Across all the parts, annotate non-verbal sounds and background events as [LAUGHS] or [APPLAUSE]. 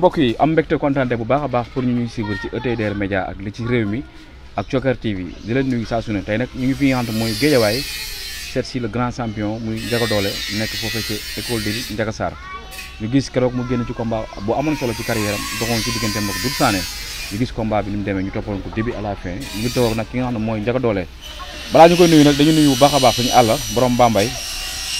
mbokk yi am mbégte kontaante bu baax a baax pour ñu ñuy suivre ci ETDR Média ak li ci réew mi ak Thioker TV di leen nuyu saa su tey nag ñu ngi fi nga xam mooy Géejawaay seet si le grand champion muy Ndiaga Dolé nekk foofee ci école de Ndiaga Sarr ñu gis keroog mu génn ci combat bu amoon solo ci carrière am doxoon ci diggante ak Doudou Sané ñu gis combat bi ni mu demee ñu toppaloon ko début à la fin ñu ngi toog nag ki nga xam ne mooy Ndiaga Dolé balaa ñu koy nuyu bu baax a baax suñu àll borom Bambay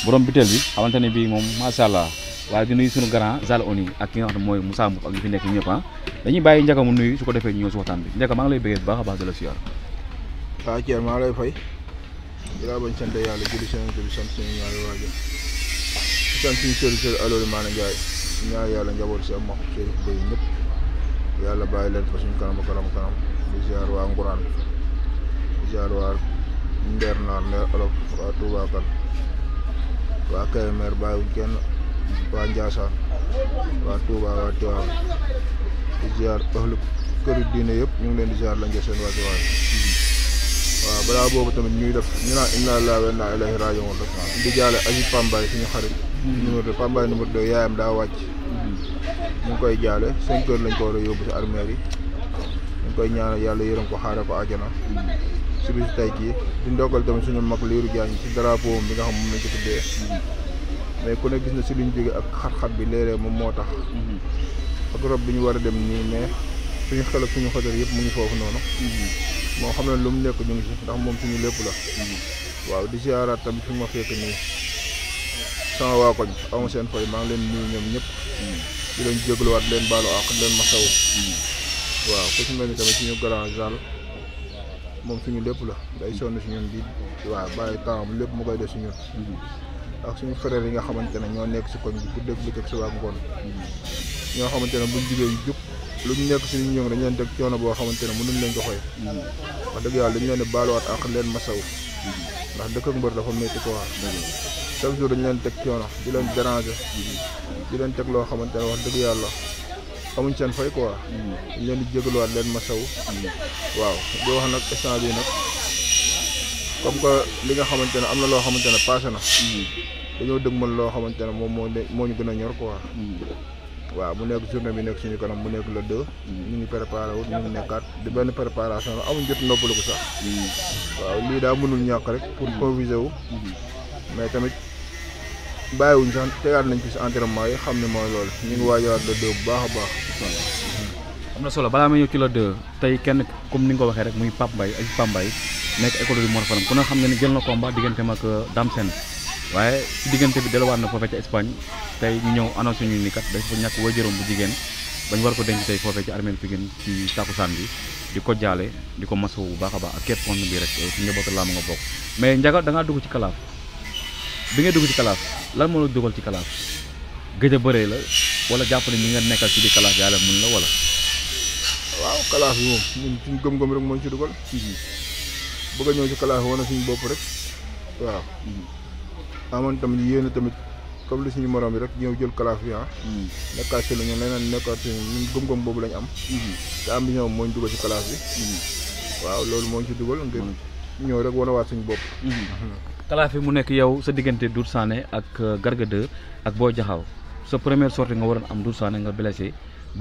borom bitel bi xamante ne bii moom macha allah waaye di nuyu sunu grand Zal Oni ak mooy Moussa Mbour ak ñu fi nekk ñëpp ah dañuy bàyyi njëkk mu nuyu su ko defee ñëw si waxtaan bi njëkk maa ngi lay bëggee bu baax a baax di la fay di laa bañ sant yàlla julli seen bi sant suñu ñaari waajur di ma sëriñ Bay ñëpp yàlla bàyyi leen fa suñu kanam kanam kanam di ziar waa Nguraan di ziar waa Ndeer Naar Ndeer kenn waa Ndiassane waa Touba waa Tivaouane di ziar ahlu këru diine yëpp ñu ngi leen di ziar lañ ngeen seen waa waay waaw balaa boobu tamit ñuy def ñu naa inna lillahi wa inna ilayhi raaji'uun di jaale Aziz Pambaay suñu xarit numéro deux Pambaay numéro deux yaayam daa wàcc ñu ngi koy jaale seen kër lañ ko war a yóbbu si armeel yi ñu ngi koy ñaanal yàlla yërëm ko xaare ko àjjana si bis tay jii di ndokkal tamit suñu mag liiru jaañ si drapeau bi nga xam moom lañ ko tuddee mais ku ne gis na si ñu jóge ak xat-xat bi léeg moom moo tax. ak rob bi ñu war a dem nii mais suñu xel ak suñu xoteer yëpp mu ngi foofu noonu. moo xam ne lu mu nekk ñu ngi si ndax moom suñu lépp la. waaw di ziaraat tamit fi ma fekk nii sama waa koñ seen fay maa ngi leen nuyu ñoom ñëpp. di leen jégluwaat di leen baalu àq di leen masawu. waaw ku si mel tamit suñu grand Zal moom suñu lépp la day sonn si ñun di waaw bàyyi temps lépp mu koy def si ak suñu frères yi nga xamante ne ñoo nekk si koñ bi ku dégg lu teg si ngoon ñoo xamante ne buñ jugee yu jub lu ñu nekk suñu ñoom dañu leen teg coono boo xamante ne mënuñ leen ko xooy wax dëgg yàlla dañu leen ne baaluwaat ak leen masaw ndax dëkk ak mbër dafa métti quoi chaque jour dañu leen teg coono di leen déranger di leen teg loo xamante ne wax dëgg yàlla amuñ seen ko quoi dañ leen di jégaluwaat leen masaw waaw di wax nag instant bi nag comme que li nga xamante ne am na loo xamante ne passé na. Mm. dañoo dëgmal loo xamante ne moom moo moo ñu gën a ñor quoi. Mm. waaw mu nekk journée bi nekk suñu kanam mu nekk le deux. Mm. ñu ngi préparé wut nekkaat di benn préparation la amuñ jot noppalu ko sax. waaw lii daa mënul ñàkk rek pour improviser wu. mais tamit bàyyiwuñ sax tegaat nañ ci si entraînement yi xam ne mooy loolu ñu ngi waajawaat le deux bu baax a baax. am na solo balaa ma ñëw ci le tey kenn comme ni nga ko waxee rek muy Pape mbay ak Pape Mbaye nekk école du Mor Faram ku ne xam ne ni jël na combat digganteem ak euh, Dame waaye si diggante bi delluwaat na foofee ca Espagne tey ñu ñëw annoncé ñu ni kat dafa ñàkk waajuram bu jigéen ba ñu war ko denc tey foofee ci armeel Pikine ci takkusaan bi di ko jaale di ko masawu bu baax a baax ak képp kon bi rek ci njabootu làmb nga bokk mais njaga da ngaa dugg ci kalaaf bi nga dugg ci kalaaf lan moo la dugal ci kalaaf gëj a bëree la wala jàpp ne ñi nga nekkal ci di kalaaf yàlla mun la wala. waaw kalaaf yi moom ñun moo ñu ci dugal. bëgg a ñëw ci classe wane suñu rek waaw. amoon ah, tamit yéen tamit comme li suñu morom bi rek ñëw jël classe bi ah. Hmm. nekkaat ci lu ñu leneen nekkaat ci ñun gëm-gëm boobu lañ am. Hmm. te ambition moo ñu dugal ci classe bi. Hmm. waaw loolu moo ñu ci dugal ngir ñëw rek wanawaat suñu bopp. classe [LAUGHS] bi mu nekk yow sa diggante Doudou Sané ak euh, Garga 2 ak boo Diakhao sa première sortie nga waroon am Doudou Sané nga blessé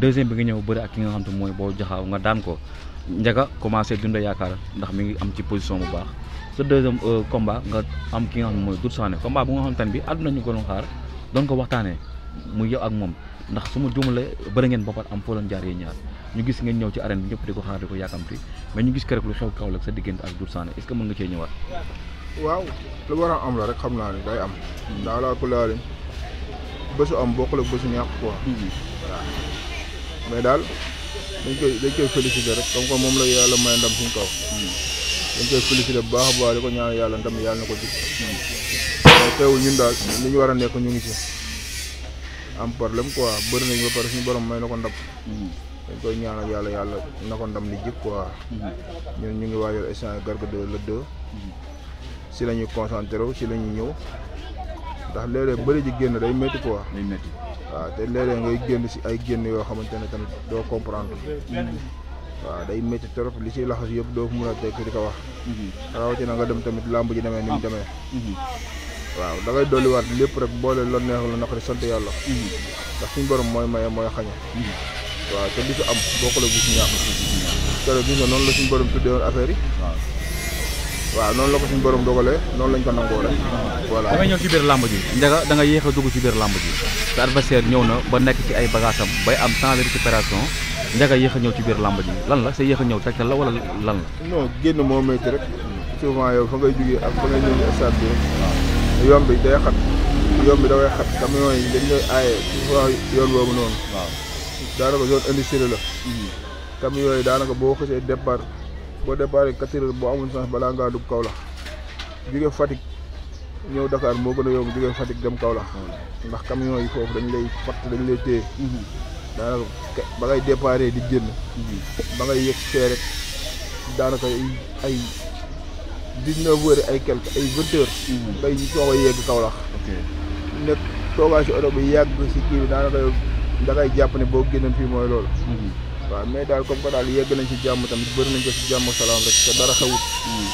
deuxième bi nga ñëw bëri ak ki nga xam te mooy boo Diakhao nga daan ko. Ndiaga commencé dund yaakaar ndax mi ngi am ci position bu baax sa deuxième euh, combat nga am ki nga xam mooy Doudou Sané combat bu nga xamante ne bi àdduna ñu ko doon xaar doon ko waxtaanee muy yow ak moom ndax su ma juumalee bëri ngeen boppat am foo leen jaar yee ñaar ñu gis ngeen ñëw ci arène bi ñëpp di ko xaar di ko yàkkamti mais ñu gis keroog lu xew Kaolack sa diggante ak Doudou Sané est-ce mën nga cee ñëwaat. waaw lu war a am la rek xam naa ne day am. daa laa ko laal bésu am bokkul ak bésu dañ koy dañ koy félicité rek comme que moom la yàlla may ndam suñu kaw. dañ koy félicité bu baax a baax di ko ñaan yàlla ndam yàlla na ko jig. mais teewul ñun daal li ñu war a nekk ñu ngi si am problème quoi bëri nañ ba pare suñu borom may na ko ndam. dañ koy ñaanal yàlla yàlla na ko ndam li jig quoi. ñun ñu ngi waajal échange Garga 2 la 2. si lañuy ñuy concentré wu si la ñëw ndax léeg-léeg bëri ji génn day métti quoi. day waaw te léeg ngay génn si ay génn yoo xamante ne tamit doo comprendre waaw day métti trop li si laxas yëpp doo ko mën a tekk di ko wax na nga dem tamit làmb ji demee ni mu demee waaw da ngay dolliwaat lépp rek boole loo neexul la naqari sant yàlla ndax suñu borom mooy maye mooy xañe waaw te li fi am boo la gis ñàkk keroog gis nga noonu la suñu borom tuddee woon affaire yi waaw noonu la ko suñu borom dogalee noonu lañ ko nangoo rek voilà da nga ñëw ci biir làmb ji njaga da nga yéex a dugg ci biir làmb ji sa adversaire ñëw na ba nekk ci ay bagage am bay am temps de récupération njaga a ñëw ci biir làmb ji lan la sa yéex a ñëw tegtal la wala lan la non génn moo métti rek souvent yow fa ngay jugee ak fa ngay ñëw stade bi yoon bi day xat yoon bi dafay xat camion yi dañ lay aaye souvent yoon boobu noonu waaw daanaka zone industrielle la camion hmm. yi daanaka boo xësee départ boo départ quatre heures boo amul chance balaa ngaa dugg Kaolack jóge Fatick ñëw Dakar moo gën a yomb jóge Fatick dem Kaolack hmm. ndax camion yi foofu dañ lay fatt dañ lay téye hmm. daanaka ba ngay départ di génn hmm. ba ngay yëg see daanaka ay dix-neuf heures ay quelque ay vingt heures ngay soog a yegg Kaolack nekk toogaa si oto bi yàgg si kii bi daanaka da ngay jàpp ne boo génnoon fii mooy loolu waaw mais daal comme que daal yegg nañ ci jàmm tamit bëri nañ ko ci jàmm salaam rek te dara xewut hmm.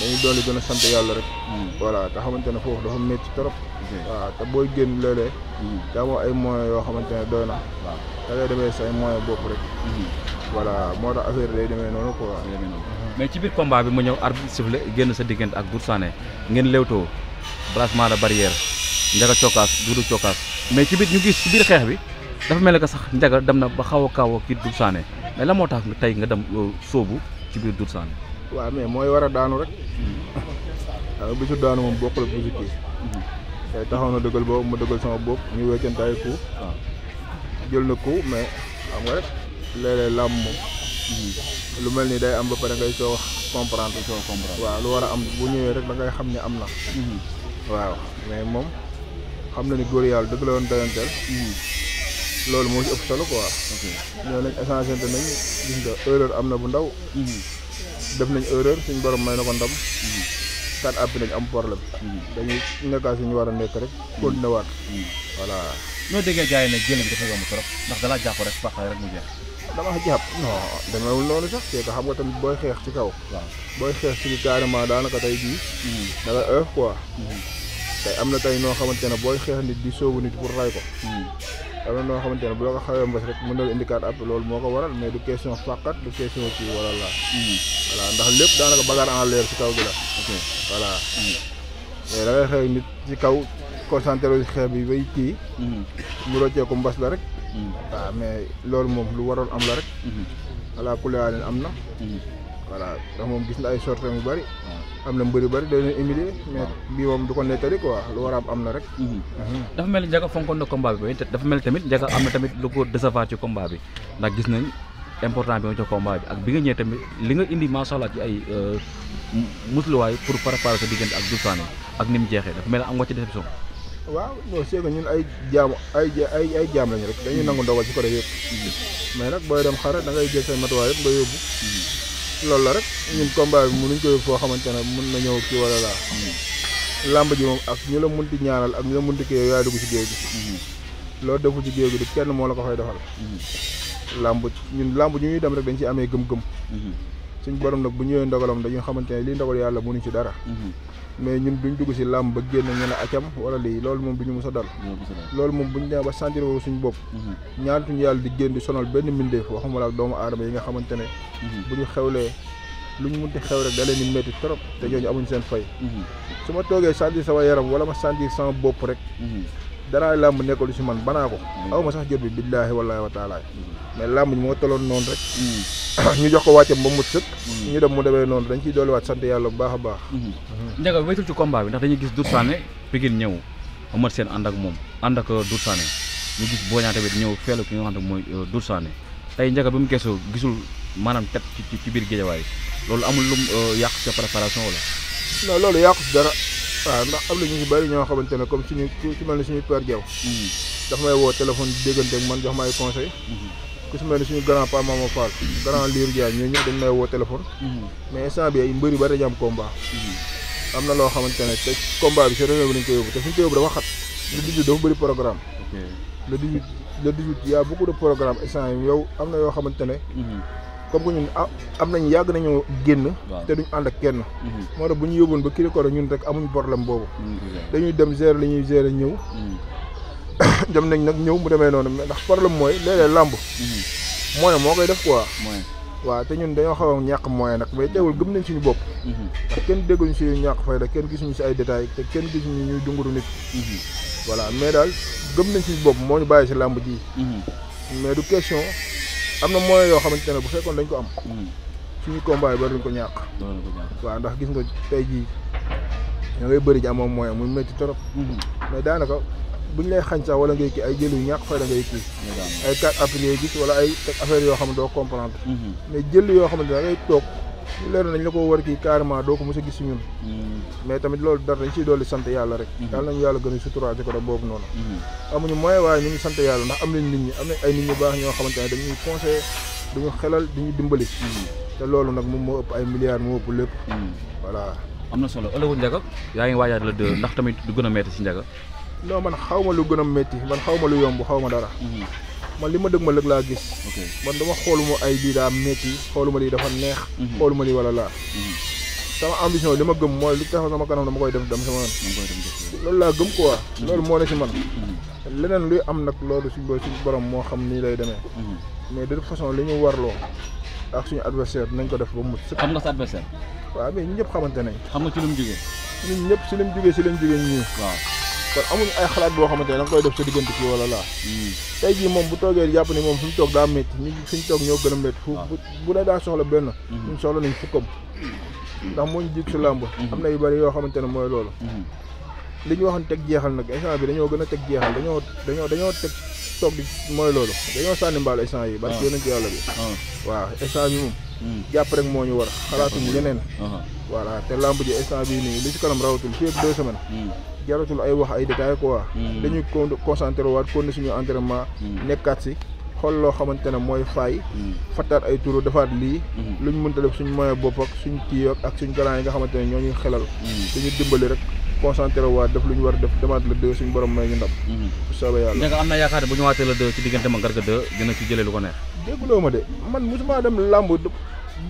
dañuy doon li gën a sant yàlla rek hmm. voilà te xamante ne foofu dafa métti trop waaw te booy génn léeg-léeg hmm. ay moyens yoo xamante ne doy na da ngay demee say moyens bopp rek voilà moo tax affaire lay demee noonu quoi mais ci biir combat bi mu ñëw arbitre sifflé génn sa diggante ak Boursané ngeen léewtoo brassement de barrière njaga cokkaas duudu cokkaas mais ci biir ñu ci biir xeex bi dafa mel ne sax Ndiaga dem na ba xaw a kaw kii Doudou Sané mais la moo tax tey nga dem euh, soobu ci biir Doudou Sané. waaw mais mooy war a daanu rek. Hmm. waaw bisu daanu moom bokkul ma hmm. dëggal sama bopp ñu weccante ay coup. Hmm. jël na coup mais xam lu mel ni day am ba pare ngay soo comprendre soo comprendre. waaw war a am bu ñëwee rek da ngay xam ne am na. waaw mais na ni góor yàlla dëgg la woon doyanteel. loolu moo ci ëpp solo quoi. ok ñoo nag échangé nañ gis nga erreur am na bu ndaw. Mhm. def nañ erreur suñ borom may na ko ndam. kat àpp nañ am problème. Mhm. dañuy nekkaat suñu war a nekk rek. Mhm. continué waat. voilà. noo déggee gars yi nag jël bi ndax dalaa jàpp rek fàqale rek mu jeex. dama jàpp non demeewul noonu sax c'est que xam nga tamit booy xeex ci kaw. waaw booy xeex ci carrément daanaka tey bii da nga oeuf quoi. tey am na tey noo xamante ne booy xeex nit di sóobu nit pour ray ko. am na noo xamante ne bu la ko xawee mbës rek mën na indiquer ab loolu moo ko waral mais du question fàqat du question kii wala la hmm. voilà ndax lépp daanaka bagarre en l'air si kaw gi la voilà hmm. mais da ngay nit ci kaw concentré wu xeex bi bay kii hmm. mu roccee ko mbas la rek waaw mais loolu moom lu waroon am la rek voilà kuleyaanin am na voilà ndax moom gis na ay sorte mu bari am na mbëri bëri da leen humilier mais bii moom du ko nettali quoi lu war a am am na rek. Mhm. Mhm. dafa mel ni Ndiaga fonkoon na combat bi dafa mel tamit Ndiaga am na tamit lu ko décevoir ci bi ndax gis nañ important bi nga jox combat bi ak bi nga ñëwee tamit li nga indi maa allah ci ay euh, musluwaay pour préparer sa diggante ak Doudou Sané ak ni mu jeexee dafa mel ni am nga ci déception. waaw non c'est que ñun ay jaam ay ay ay jaam lañu rek dañuy nangu ndogal ci côté yëpp mhm. mais nag booy dem xare da ngay jël say matuwaay yëpp nga yóbbu. loolu la rek ñun combat bi mënuñ ko yóbbu foo xamante ne mën na ñëw kii wala laa hmm. làmb ji moom ak ñu la munti ñaanal ak ñu la munti kii yaay dugg ci géew gi hmm. loolu defu ci géew gi di kenn moo la ko fay defal hmm. làmb ñun làmb ñu ñuy dem rek dañ ci amee gëm-gëm suñ borom nag bu ñëwee ndogalam dañu xamante ne lii ndogal yàlla mënuñ ci dara mais ñun ñu dugg si làmb ba génn ñu ne acam wala lii loolu moom du ñu mës a dal loolu moom bu buñ demee ba sentir suñu bopp mhm. ñaantuñu yàlla di génn di sonal benn mbindeef waxuma la doomu aadama yi nga xamante ne mhm. bu ñu xewlee lu ñu munti xew rek da leen di métti trop te ñooñu amuñ seen fay mhm. su ma toogee sentir sama yaram wala ma sentir sama bopp rek dara làmb nekkul si man banaa ko mm. aw sax jot bi billaahi wallaahi wa mm. mais làmb ñi moo toloon noonu rek mm. [COUGHS] ñu jox ko wàccam ba mu sëkk ñu dem mu demee noonu dañ ciy dolliwaat sant yàlla bu baax a baax mm-hmm. njaga wéetul ci combat bi ndax dañuy gis Doudou Sané Pikine ñëw Eumeu Sène ànd ak moom ànd ak euh, Doudou Sané ñu gis Boy Niang tamit ñëw feelu ki nga xam ne mooy euh, Doudou Sané tey njaga bi mu gesoo gisul maanaam tet ci ci biir géejawaay loolu amul lum euh, yàq sa préparation wala non waaw ndax am na ñu si bari ñoo xamante ne comme suñu ku mel ne suñu père Diaw mm-hmm. daf may woo téléphone di déggante ak man jox ma ay conseil mm-hmm. ku si mel ne suñu grand pa Mama Fall grand Liir Diagne ñoo ñëw dañ may woo téléphone mm-hmm. mais instant bi ay mbëri ba dañu am combat am na loo xamante ne te combat bi si région bi lañ koy yóbbu te suñu koy yóbbu dafa xat le 18 dafa bëri programme le 18 le 18 y a beaucoup de programme instant yi yow am na yoo xamante ne comme que ñun ah, am nañ yàgg nañoo génn te duñ ànd ak kenn mhm. moo tax bu ñu yóbboon ba Kirikoro ñun rek amuñ problème boobu mhm, dañuy dem gérer li ñuy gérer ñëw mhm. [COUGHS] dem nañ nag ñëw mu demee noonu ndax problème mooy léeg làmb moyen moo koy def quoi waaw te ñun dañoo xaw a ñàkk moyen nag mais teewul gëm nañ suñu bopp ndax kenn dégguñ suñu ñàkk fayda kenn gisuñu si ay détails te kenn gisuñu ñuy dunguru nit voilà mais daal gëm nañ suñu bopp moo ñu bàyyi s làmb ji mais du question am na moyens yoo xamante ne bu fekkoon dañ ko am. Hmm. suñu combat yi bari nañ ko ñàkk. waaw ndax gis nga tey jii da ngay bëri ji amoon moyen muy métti trop. Hmm. mais daanaka buñ lay xañ sax wala ngay kii ay jël yu ñàkk fay da ngay kii. ay quatre appuis ngay gis wala ay affaire yoo xam ne doo comprendre. Hmm. mais jël yoo xamante ne da ngay toog. leer nañ la ko war kii carrément doo ko mos a gis su ñun hmm. mais tamit loolu dara dañ ciy dolli sant yàlla rek hmm. yàlla nañu yàlla gën a suturaal ci ko da boobu noonu hmm. amuñu moyen waaye ñu ngi sant yàlla ndax am nañ nit ñi am nañ ay nit ñu baax ñoo xamante ne dañuy conseillé dañu xelal dañuy dimbali te loolu nag moom moo ëpp ay milliards moo ëpp lépp voilà am na solo ëllëgu njaga yaa ngi waajal la dë ndax tamit du gën a métti si njaga non man xaw ma lu gën a métti man xaw ma lu yomb xaw ma dara man li ma dëgg ma lëg laa gis. man dama xooluma ay lii daa métti xooluma lii dafa neex. Mhm. xooluma lii wala laa. Mhm. sama ambition li ma gëm mooy lu taxaw sama kanam dama koy def dem sama loolu laa gëm ko quoi. Mhm. loolu moo ne si man. leneen luy am nag loolu si si borom moo xam nii lay demee. mais de toute façon li ñu warloo ak suñu adversaire nañ ko def ba mu. xam nga sa adversaire. waaw mais ñun ñëpp xamante nañ. xam nga ci lu mu jugee. si li mu jugee si li mu jugee ñii. kon amuñu ay xalaat boo xamante ne da nga koy def sa diggante wala laa. Hmm. tey jii moom bu toogee jàpp ni moom fi mu toog daa métti ñu fi ñu toog ñoo gën a métti. fu ah. bu bu dee daa nañ fukkam. Hmm. ndax moo ñu jiit si làmb. Hmm. am na yu bëri yoo xamante ne mooy loolu. li ñu waxoon teg jeexal nag instant bi dañoo gën a teg jeexal dañoo dañoo dañoo teg toog di mooy loolu dañoo sànni mbaal instant yi. parce que ah. yónneeg yàlla bi. Ah. waaw instant moom. jàpp rek moo ñu war xalaatuñu yeneen. voilà te làmb ji instant bii nii li ci kanam rawatul fii ak deux semaines. jaratul ay wax ay détails quoi. Hmm. dañuy concentré waat kon suñu entraînement. Hmm. nekkaat si xool loo xamante ne mooy faay. Hmm. fattaat ay turu defaat lii. luñ mënta def suñ moyen bopp ak suñ kii ak suñ garant yi nga xamante ne ñoo ñuy xelal. dañuy dimbali rek. concentré waa def lu ñu war def demaat la deux suñu borom may ñu ndam bu soobee yàlla da nga am na yaakaar ne bu ñu waatee la ci diggante ma Garga deux dina ci jëlee lu ko neex dégguloo ma de man mosuma dem làmb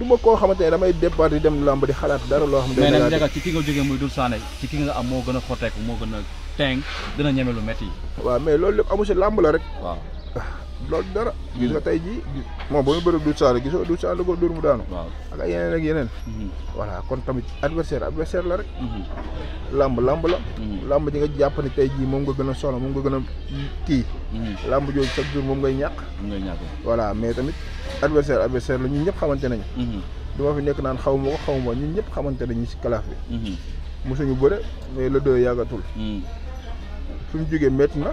du ma koo xamante ne damay départ di dem làmb di xalaat dara loo xam. mais nag ci ki nga jógee muy Doudou Sané ci ki nga am moo gën a xoteeku moo gën a teng dina ñeme lu métti. waaw mais loolu lépp amu si làmb la rek. waaw. loolu dara. gis nga tey jii. moom ba muy bëri Doudou Sané gisoo Doudou Sané ko dóor mu daanu. ak ay yeneen ak yeneen. Mhm. voilà kon tamit adversaire adversaire la rek. Mhm. làmb làmb la. Mhm. làmb ji nga jàpp ne tey jii moom nga gën a soxla moom nga gën a kii. làmb jooju chaque jour moom ngay ñàkk. ngay voilà mais tamit adversaire adversaire la ñu ñëpp xamante nañu. du fi nekk naan xaw ma ko xaw ma ñun ñëpp xamante nañu si kalaaf bi. ñu bëre mais le deux yàggatul. fi mu jógee na.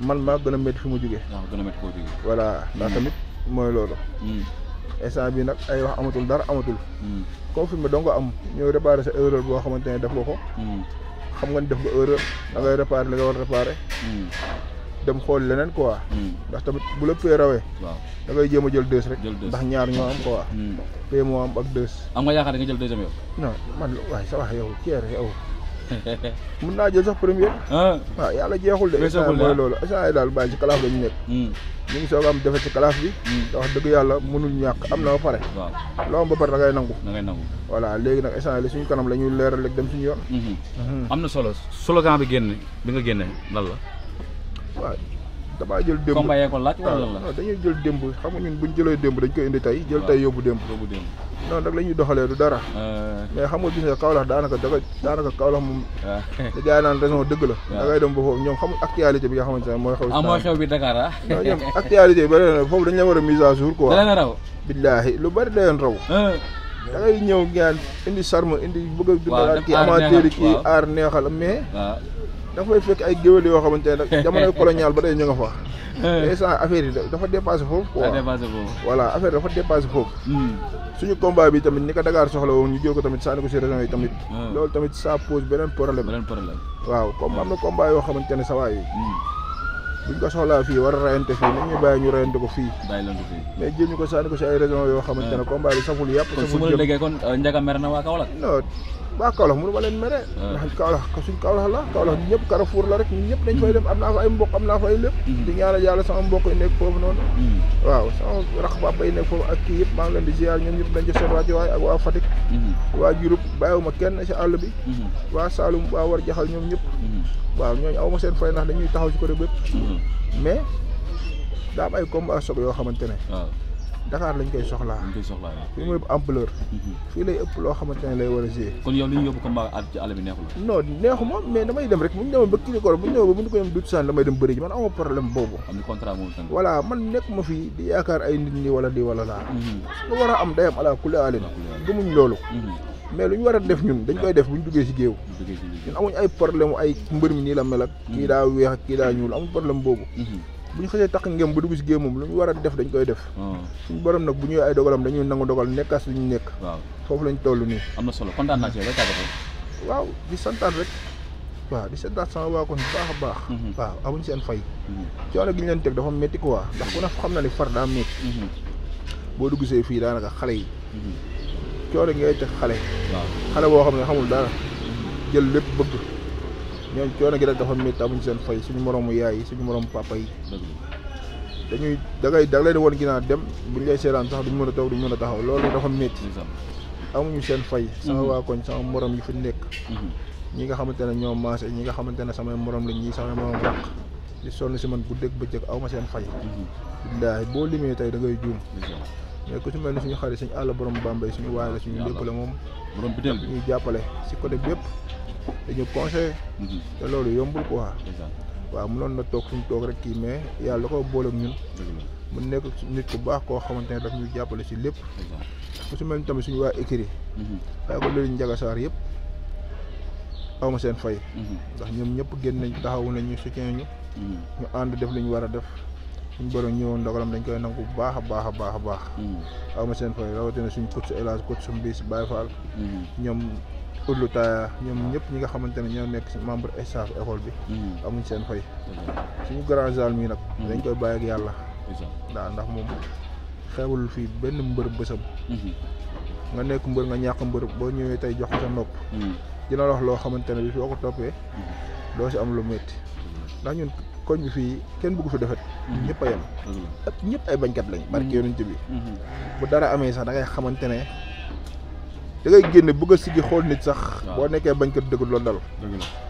man maa gën a métti fi mu jugee. waaw gën koo jugee. voilà ndax tamit mooy loolu. Hmm. instant bi nag ay wax amatul dara amatul. Hmm. confirmé dong ko am ñëw réparé sa erreur boo xamante ne def nga ko. Hmm. xam nga ni def nga erreur da ngay réparé li nga war a réparé. dem xool leneen quoi. ndax tamit bu la pay rawee. waaw da ngay jéem a jël deux rek. ndax ñaar ñoo am quoi. pay moo am ak deux. am nga yaakaar nga jël deuxième yow. non man waay sa wax ceer yow. [LAUGHS] mun naa jël sax première. Ah. waaw yàlla jeexul de. jeexul mooy loolu instant daal bàyyi ci kalaaf lañu nekk. Hmm. ñu ngi soog am defar si kalaaf bi. Hmm. te dëgg yàlla mënul ñàkk am na ba pare. waaw loo am ba pare da ngay nangu. da ngay nangu voilà léegi nag instant la suñu kanam la leeral rek dem suñu yoon. Hmm. am na solo solo slogan bi génn bi nga génne lan la. waaw damaa jël démb combat yee ko laaj wala ah, la dañuy jël démb xam nga ñun buñ jëlee démb dañ koy indi tey jël tey yóbbu démb yóbbu démb non doxalee du dara euh. mais xam nga gis nga daanaka dafa daanaka Kaolack moom ah. [LAUGHS] da jaay naan raison dëgg la ah. da ngay dem ba foofu ñoom xam actualité bi nga xamante ne mooy mooy xew bi Dakar ah non ñoom actualité bi ba foofu dañ la war a mise à jour quoi billaahi lu bari da leen raw euh. da ngay ñëw gaan indi sarme indi bëgg a dundalaat kii amateur kii aar neexal mais dafay fekk ay géwél yoo xamante ne nag [LAUGHS] jamonoy ba tey ñu nga fa instant eh. affaire yi dafa dépassé foofu quoi voilà affaire dafa dépassé foofu hmm. suñu combat bi tamit ni ko Dakar soxla woon ñu jël ko tamit sànni ko si région yi tamit hmm. loolu tamit ça pose beneen problème beneen problème waaw comme am na combat yoo xamante ne sa waay hmm. buñ ko soxlaa fii war a rayante fii nañ ñu bàyyi ñu ko fii bàyyi leen ko fii ñu ko sànni ko si ay raison yoo xamante ne combat bi saful yàpp saful jëpp kon su ma la déggee kon euh, njaga mer na waa Kaolack waa Kaolack mënu ma leen mere ah. ndax Kaolack suñ Kaolack la Kaolack ñun ñëpp Carrefour la rek ñun ñëpp dañ fay dem am naa fa ay mbokk am naa fa ay lépp hmm. di ñaanal yàlla sama mbokk yi nekk foofu noonu hmm. waaw sama rax papa yi nekk foofu ak kii yëpp maa ngi leen di ziar ñoom ñëpp dañ jox seen waajo waaye ak waa Fatick hmm. waa kenn si àll bi waa Saloum waa war jaxal ñoom ñëpp waaw ñooñu awma seen fay ndax dañuy taxaw si ko dé bépp mais daa am ay combat soog yoo xamante ne ah. Dakar lañ koy soxlaa. lañ koy soxlaa fii mooy ampleur. Mhm. fii lay ëpp loo xamante ne lay war a gérer. kon yow li ñu yóbbu combat at ci àll bi neexu la. mais damay dem rek bu ñu demee ba Kinikoro bu ñu demee ba bu ñu ko yem Doudou Sane damay dem bëri man di yaakaar ay nit mhm. war a am day am ala kulli alin. gëmuñ mhm. mais lu ñu war a def ñun dañ koy def bu duggee si géew. ñun amuñ ay problème ay mi nii la mel ak. kii daa weex ak kii daa ñuul amuñ boobu bu ñu xësee takk ngëm bu dugg si gémmam lu ñu war a def dañ koy def hmm. suñu borom nag bu ñuy ay dogalam dañuy nangu dogal nekkaas ñu nekk waaw foofu lañ tollu nii am na solo kontaan naa ci yow waaw di santaan rek waaw di santaat sama waa kon baax a baax hmm. Hmm. waaw amuñ seen fay coono gi ñu leen teg dafa métti quoi ndax ku ne xam na ne far daa métti boo dugg see fii daanaka xale yi coono ngay teg xale xale boo xam ne xamul dara jël lépp bëgg ñoom coono gi rek dafa métti amuñ seen fay suñu moroomu yaay yi suñu moroomu papa yi dañuy da ngay da ngay leen woon ginnaaw dem buñ lay seeraan sax duñ mën a toog duñ mën a taxaw loolu dafa métti amuñu seen fay sama mhm. waa koñ sama moroom yi fi nekk mhm. ñi nga xamante ne ñoo maase ñi nga xamante ne samay morom lañ ñii samay morom raq di sonn si man guddeeg bëccëg aw ma seen fay mhm. billaahi boo limee tey da ngay juum mais ku ci mel ni suñu xarit suñu àll borom Bambey suñu waay suñu lépp la moom borom bi ñu jàppale si côté bépp dañu conseillé. Mhm. te loolu yombul ko waaw mënoon na toog suñu toog rek kii mais yàlla da ko boole ak ñun. mu nekk nit ku baax koo xamante ne daf ñu jàppale si lépp. su mel ni tamit suñu waa écrit. Mhm. waaye ko loolu Ndiaga Sarr yëpp aw seen fay. Mhm. ndax ñoom ñëpp génn nañ taxawu nañ ñu soutien ñu. ñu ànd def li ñu war a def. suñ borom ñëwoon ndogalam dañ koy nangu bu baax a baax a baax a baax. seen fay rawatina suñ coach élage coach Mbis Baye Fall. ñoom Oudou Taya ñoom ñëpp ñi nga xamante ne ñoo nekk membre staff école bi. Mm. amuñ seen fay. Mm. suñu grand zal mii nag. Mm. dañ koy bàyyi ak yàlla. daa ndax moom xewul fii benn mbër bësam. Mm-hmm. nga nekk mbër nga ñàkk mbër boo ñëwee tey jox ko sa nopp. dina wax loo xamante ne bi foo ko toppee. Mm-hmm. doo si am lu metti mm-hmm. ndax ñun koñ bi fii kenn bëggu fi defet ñëpp a yem. ñëpp ay bañkat lañ. barke yonent bi. bu dara amee sax da ngay da ngay génne bëgg a siggi xool nit sax boo nekkee bañkat dëgg loolu dal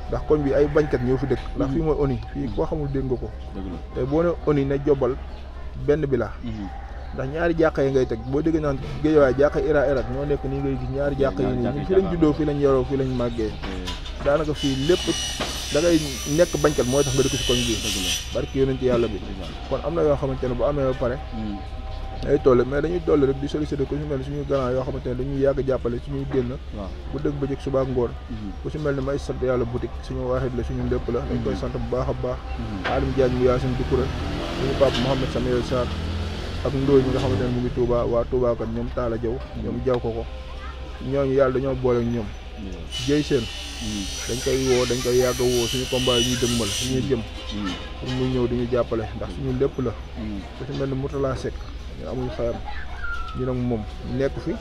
ndax koñ bi ay bañkat ñoo fi dëkk ndax mhm. fii mooy ONU fii mhm. koo xamul dégg nga ko te boo ne ONU ne jobal benn bi la mhm. ndax ñaari jàkka yi ngay teg boo déggee naan géejawaay jàkka ira irak ñoo nekk nii ngay gis ñaari jàkka yi nii fii lañ juddoo fii lañ yaroo fii lañ màggee daanaka fii lépp da ngay nekk bañkat mooy tax nga dëkk si koñ bi barki yonent ci yàlla bi kon am na yoo xamante ne bu amee ba pare day toll mais dañuy toll rek di solliciter ku si mel suñuy grand yoo xamante ne dañuy yàgg jàppale suñuy génn bu dëgg bëccëg subaa ngoon mhm. ku si mel ni may sant yàlla boutique suñu waaxit la suñu lépp la dañ koy mhm. sant bu baax a baax ñi mhm. nga xamante ne mu ngi Touba waa Touba kan ñoom Talla Jaw ñoom jaw ko ko yàlla dañoo boole ñoom jéy seen dañ koy woo dañ koy yàgg a woo suñu combat yi ñuy dëgmal suñuy jëm pour mu ñëw di ñu jàppale ndax suñu lépp la ku si mel ni Moutala Seck ñu amuñu xaar ñu nag moom nekk fi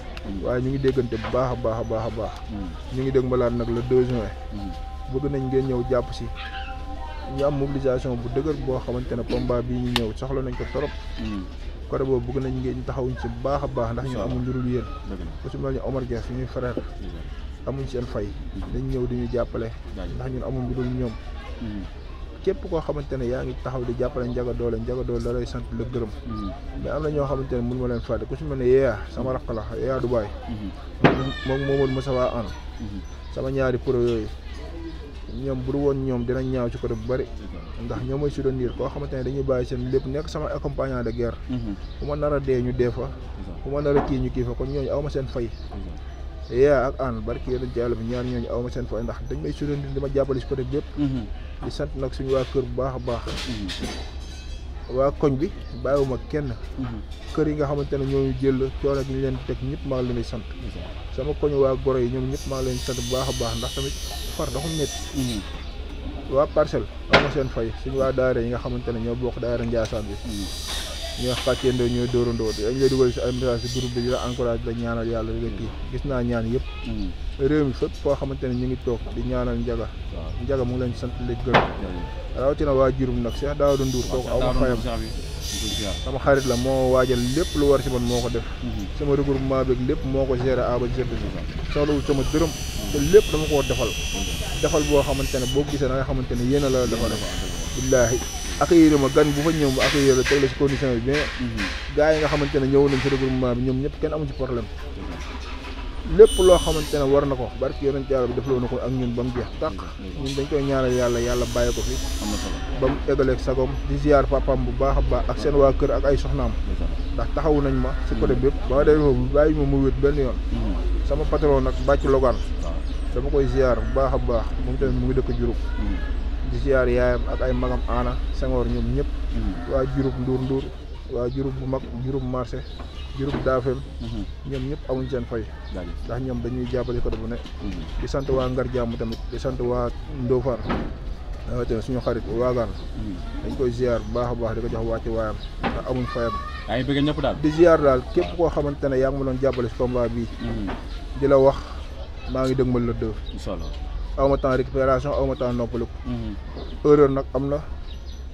waaye ñu ngi déggante bu baax a baax a baax a baax ñu ngi dégg malaat nag la deux juin bëgg nañ ngeen ñëw jàpp si ñu am mobilisation bu dëgër boo xamante ne combat bi ñu ñëw soxla nañ ko trop côté boobu bëgg nañ ngeen taxawuñ si baax a baax ndax ñu amul njurul yéen ku si mel ni Omar Gueye ñu frère amuñ seen fay dañ ñëw di jàppale ndax ñun amul lu dul ñoom képp koo xamante ne yaa ngi taxaw di jàppale Ndiaga Dolé Ndiaga Dolé da lay sant la gërëm mhm. mais am na ñoo xamante ne mun ma leen fàtte ku si mel ne yeeya sama rakk la yeeya Dubaay mhm. moom moomoon Moussa an mhm. sama ñaari pour yooyu ñoom bu du woon ñoom dinañ ñaaw ci côté bu bari ndax ñoom mooy soutenir koo xamante ne dañuy bàyyi seen lépp nekk sama accompagnant de guerre ku ma nar a dee ñu dee fa ku ma nar kii ñu kii fa kon ñooñu aw ma seen fay yeeya ak bi ñaar ñooñu aw ma ndax dañ may ma jàppale si côté bépp di sant nag suñu waa kër bu baax a baax waa koñ bi bàyyiwuma kenn kër yi nga xamante ne ñooñu jël coono ak ñu leen teg ñëpp maa ngi leen sant sama koñ waa goro yi ñoom ñëpp maa leen sant bu baax a baax ndax tamit far dafa métti waa parcelle am na seen fay suñu waa daara yi nga xamante ne ñoo bokk daara Njaasaan bi ñu wax pàccendoo ñooy dóorandoo bi dañ lay dugal si ay message si groupe bi di la encouragé la ñaanal yàlla di la kii mm. gis naa ñaan yëpp mm. réew mi fépp foo xamante ne ñu ngi toog di ñaanal njaga njaga mu ngi leen sant leen gërëm mm. rawatina waa jurum nag Cheikh Daouda Ndour kooku aw ma fayam sama xarit la moo waajal lépp lu war si man moo ko def mm-hmm. sama regroupement beeg lépp moo ko géré aba j soxlawul sama dërëm te lépp dama koo defal defal boo xamante ne boo gisee da nga xamante ne yéen a la defal billaahi accueillir ma gan bu fa ñëw mu accueillir la teg la si condition bi bien mhm. gars yi nga xamante ne ñëw nañ si regroupement bi ñoom ñëpp kenn amu ci problème mhm. lépp loo xamante ne war na ko barke yonent yàlla bi defloo na ko ak ñun ba mu jeex tàq mhm. dañ koy ñaanal yàlla yàlla bàyyi ko fi ba mu eggaleeg sagom di ziar papam bu baax a baax ak seen waa kër ak ay soxnaam ndax taxawu nañ ma si côté bépp ba ma demee foofu bàyyi ma mu wét benn yoon sama patron nag bàcc logaan dama koy ziar bu baax a baax moom tamit mu ngi dëkk Diouroup di ziar yaayam ak ay magam aana sangoor ñoom ñëpp hmm. waa jurub nduur nduur waa jurub bu mag jurub marché jurub daafeem hmm. ñoom ñëpp amuñ seen fay ndax ñoom dañuy jàppale ko bu ne hmm. di sant waa ngar jàmm tamit di sant waa ndóofar rawatina suñu xarit waagaan dañ koy ziar bu baax a baax di ko jox wàcc waayam ndax amuñ fayam yaa ngi bëgg ñëpp daal di ziar daal képp koo xamante ne yaa ngi jàppale si combat bii di la wax maa ngi dëgmal la deux aw ma temps récupération aw ma noppalu ko mhm. nag am na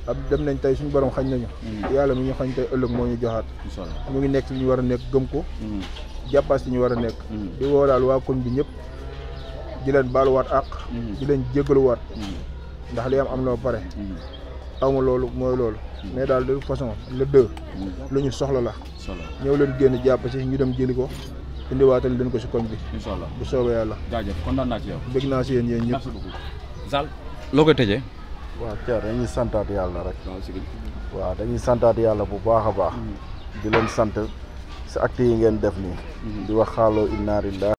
ab dem nañ tey suñu borom xañ nañu mhm. yàlla mi ñu xañ tey ëllëg moo ñu joxaat mu ngi nekk li ñu war a nekk gëm ko mhm. jàppaas li ñu war a nekk di woo daal waa koñ bi ñëpp di leen baaluwaat àq di leen jégaluwaat ndax li am am na ba pare awma loolu mooy loolu mais daal de toute façon le lu ñu soxla la ñëw leen génn jàpp ci ñu dem jëli ko indiwaatale leen ko si koñ bi. incha bu soobee yàlla. jaajëf kontaan naa ci yow. bëgg naa si yéen yéen ñëpp merci beaucoup. loo koy tëjee. waaw Thierno dañuy santaat yàlla rek. waaw dañuy santaat yàlla bu baax a baax. Mm-hmm. di leen sant si acte yi ngeen def nii. Mm-hmm. di wax xaaloo inna lillahi